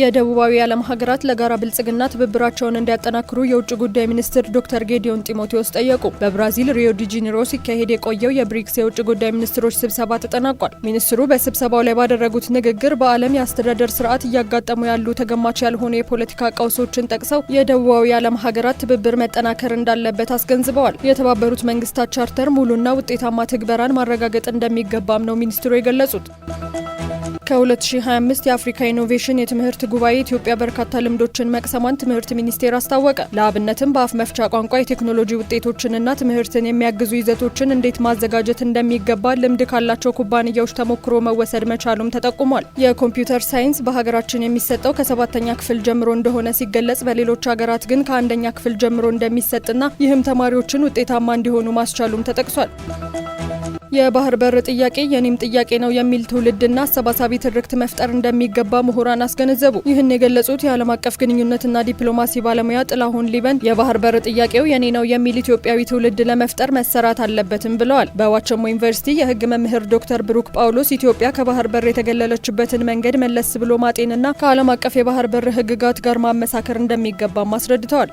የደቡባዊ ዓለም ሀገራት ለጋራ ብልጽግና ትብብራቸውን እንዲያጠናክሩ የውጭ ጉዳይ ሚኒስትር ዶክተር ጌዲዮን ጢሞቴዎስ ጠየቁ። በብራዚል ሪዮ ዲ ጄኔሮ ሲካሄድ የቆየው የብሪክስ የውጭ ጉዳይ ሚኒስትሮች ስብሰባ ተጠናቋል። ሚኒስትሩ በስብሰባው ላይ ባደረጉት ንግግር በዓለም የአስተዳደር ስርዓት እያጋጠሙ ያሉ ተገማች ያልሆኑ የፖለቲካ ቀውሶችን ጠቅሰው የደቡባዊ ዓለም ሀገራት ትብብር መጠናከር እንዳለበት አስገንዝበዋል። የተባበሩት መንግስታት ቻርተር ሙሉና ውጤታማ ትግበራን ማረጋገጥ እንደሚገባም ነው ሚኒስትሩ የገለጹት። ከ2025 የአፍሪካ ኢኖቬሽን የትምህርት ጉባኤ ኢትዮጵያ በርካታ ልምዶችን መቅሰሟን ትምህርት ሚኒስቴር አስታወቀ። ለአብነትም በአፍ መፍቻ ቋንቋ የቴክኖሎጂ ውጤቶችንና ትምህርትን የሚያግዙ ይዘቶችን እንዴት ማዘጋጀት እንደሚገባ ልምድ ካላቸው ኩባንያዎች ተሞክሮ መወሰድ መቻሉም ተጠቁሟል። የኮምፒውተር ሳይንስ በሀገራችን የሚሰጠው ከሰባተኛ ክፍል ጀምሮ እንደሆነ ሲገለጽ፣ በሌሎች ሀገራት ግን ከአንደኛ ክፍል ጀምሮ እንደሚሰጥና ይህም ተማሪዎችን ውጤታማ እንዲሆኑ ማስቻሉም ተጠቅሷል። የባህር በር ጥያቄ የኔም ጥያቄ ነው የሚል ትውልድና አሰባሳቢ ትርክት መፍጠር እንደሚገባ ምሁራን አስገነዘቡ። ይህን የገለጹት የዓለም አቀፍ ግንኙነትና ዲፕሎማሲ ባለሙያ ጥላሁን ሊበን የባህር በር ጥያቄው የኔ ነው የሚል ኢትዮጵያዊ ትውልድ ለመፍጠር መሰራት አለበትም ብለዋል። በዋቸሞ ዩኒቨርሲቲ የህግ መምህር ዶክተር ብሩክ ጳውሎስ ኢትዮጵያ ከባህር በር የተገለለችበትን መንገድ መለስ ብሎ ማጤንና ከዓለም አቀፍ የባህር በር ህግጋት ጋር ማመሳከር እንደሚገባም አስረድተዋል።